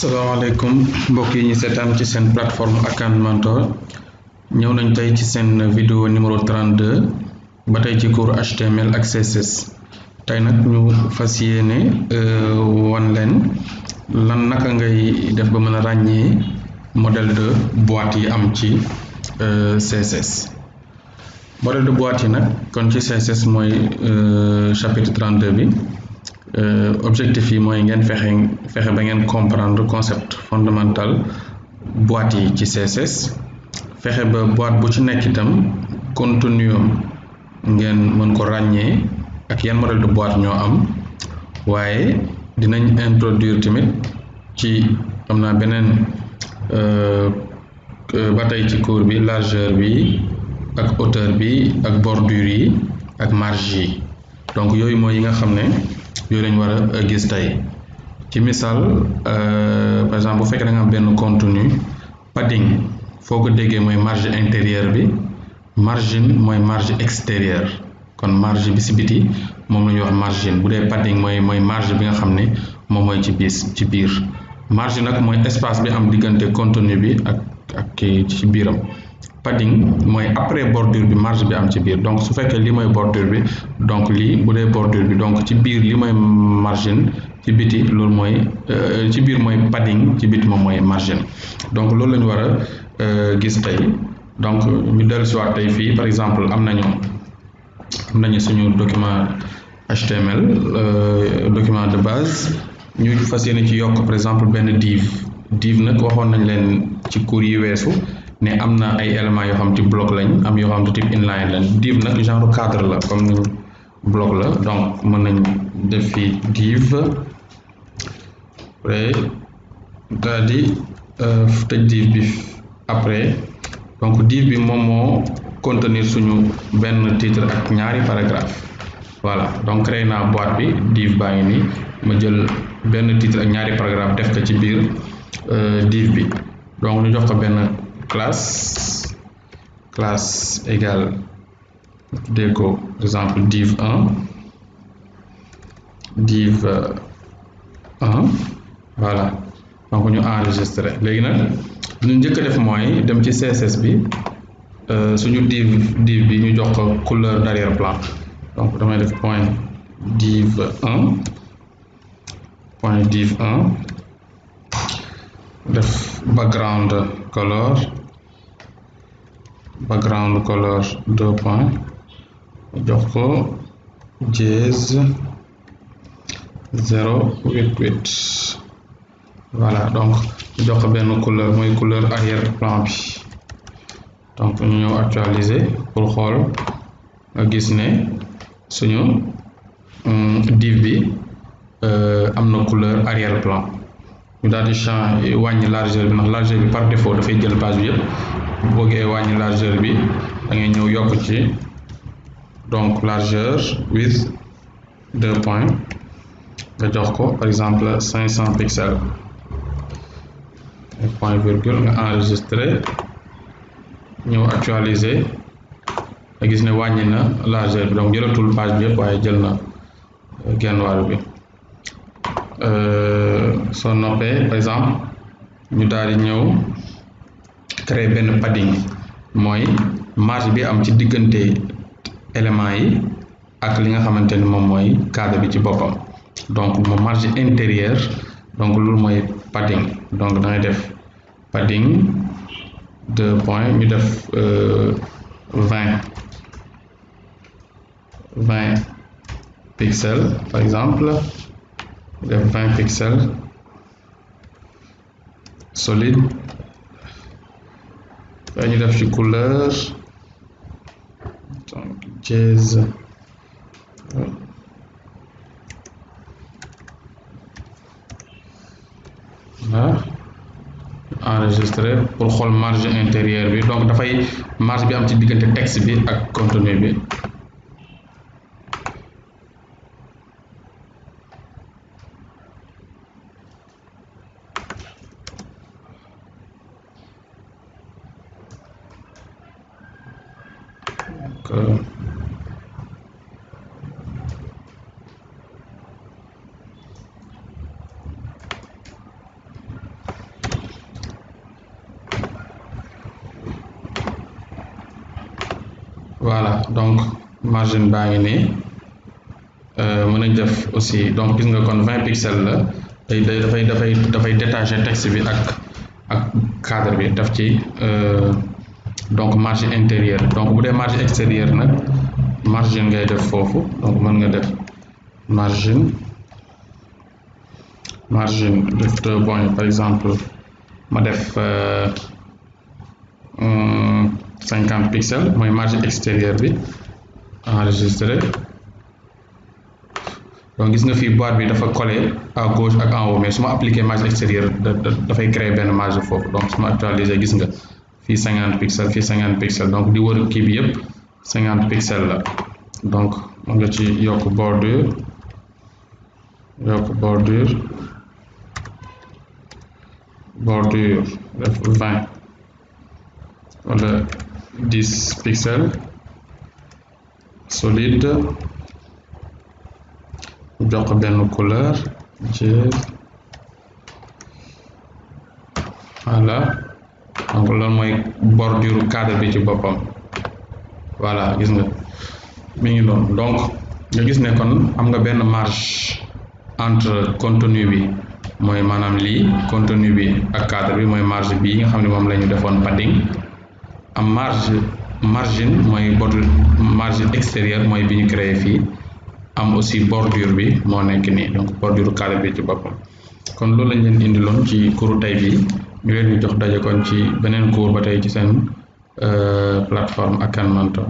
salaamaaleykum mbokk yi ñu seetaan ci seen plateforme Akan Mentor ñëw nañ tey ci seen vidéo numéro 32 ba tey ci cours HTML ak CSS tey nag ñu fas yéene euh, wan leen lan naka ngay def ba mën a ràññee modèle de boîte yi am ci euh, CSS modèle de boîte yi nag kon ci CSS mooy euh, chapitre 32 bi Euh, objectif yi mooy ngeen fexe fexe ba ngeen comprendre concept fondamental boîte yi ci CSS fexe ba boîte bu ci nekk itam contenu ngeen mën ko ràññee ak yan modèle de boîte ñoo am waaye dinañ introduire tamit ci am naa beneen euh, euh, ba tey ci cours bi largeur bi ak hauteur bi ak bordure yi ak marge yi donc yooyu mooy yi nga xam ne yooyu lañ war a euh, gis tey ci misaal euh, par exemple bu fekkee da nga benn contenu padding foo ko déggee mooy marge intérieure bi margin mooy marge extérieure kon marge bi si biti moom la ñuy wax margin bu dee padding mooy mooy marge bi nga xam ne moom mooy ci biis ci biir marge nag mooy espace bi am diggante contenu bi ak ak ci biiram padding mooy après bordure bi marge bi am ci biir donc su fekkee lii mooy bordure bi donc lii bu dee bordure bi donc ci biir lii mooy margine ci biti loolu mooy euh, ci biir mooy padding ci biti moom mooy margine donc loolu la ñu war a euh, gis tey donc ñu dellu si tey fii par exemple am nañu am nañu suñu document HTML euh, document de base ñu fas yéene ci yokk par exemple benn div div nag waxoon nañu leen ci cours yi weesu ne am na ay éléments yoo xam ci bloc lañ am yoo xam ne type inline lañ div nag genre cadre la comme ni bloc la donc mën nañ def fii div après daal euh, tëj div bi après donc div bi moom moo contenir suñu benn titre ak ñaari paragraphe voilà donc créé naa boîte bi div baa ngi nii ma jël benn titre ak ñaari paragraphe def ko ci biir euh, div bi donc ñu jox ko benn classe classe égale tuddee ko par exemple div 1 div 1 euh, voilà donc ñu enregistré léegi nag lu ñu njëkk def mooy dem ci CSS bi euh, suñu div div bi ñu jox ko couleur d'arrière plan donc damay def point div 1 point div 1 def background color background color deux points jox ko jazz zéro huit huit voilà donc jox ko benn couleur mooy couleur arrière plan bi donc ñu ñëw actualiser pour xool a gis ne suñu div bi euh, am na couleur arrière plan ñu daal di changé wàññi largeur bi ndax largeur bi par défaut dafay jël page bi yëpp bu bëggee wàññi largeur bi da ngay ñëw yokk ci donc largeur with deux points nga jox ko par exemple cinq cent pixels point virgule nga enregistré ñëw actualiser nga gis ne wàññi na largeur bi donc jëlatul page bi yëpp waaye jël na genn wàll bi Euh, soo noppee par exemple ñu daal di ñëw créer benn padding mooy marge bi am ci diggante élément yi ak li nga xamante ni moom mooy cadre bi ci boppam donc mo marge intérieure donc loolu mooy padding donc dangay def padding deux points ñu def euh, vingt vingt pixels par exemple def vingt pixel solide dañu def ci couleur donc jazz voilà enregistré pour xool marge intérieure bi donc dafay marge bi am ci diggante texte bi ak contenu bi ak euh, voilà donc margin baa ngi nii euh, mën nañ def aussi donc gis nga kon vingt pixels la day day dafay dafay détage détacher texte bi ak ak cadre bi daf ci euh, donc marge intérieure donc bu dee marge extérieure nag margin ngay def foofu donc mën nga def margin margin def deux points par exemple ma def euh, cinquante pixels mooy marge extérieure bi enregistré donc gis nga fii boîte bi dafa collé à gauche ak en haut mais su ma appliqué marge extérieure dafay créer benn marge foofu donc su ma actualiser gis nga fii cinquante pixel fii cinquante pixel donc di wër kii bi yëpp cinquante pixel la donc mën nga ci yokk bordure yokk bordure bordure vingt wala dix pixel solide jox benn couleur ci voilà donc loolu mooy bordure cadre bi ci boppam voilà gis nga mu ngi noonu donc nga gis ne kon am nga benn marge entre contenu bi mooy maanaam lii contenu bi ak cadre bi mooy marge bii nga xam ne moom la ñu defoon padding am marge margine mooy bordure margine extérieure mooy bi ñu créé fii am aussi bordure bi moo nekk nii donc bordure cadre bi ci boppam kon loolu lañ leen indiloon ci kuru tay bi ñu leen di jox daje kon ci beneen cours ba tey ci seen euh, plateforme Akan Mentor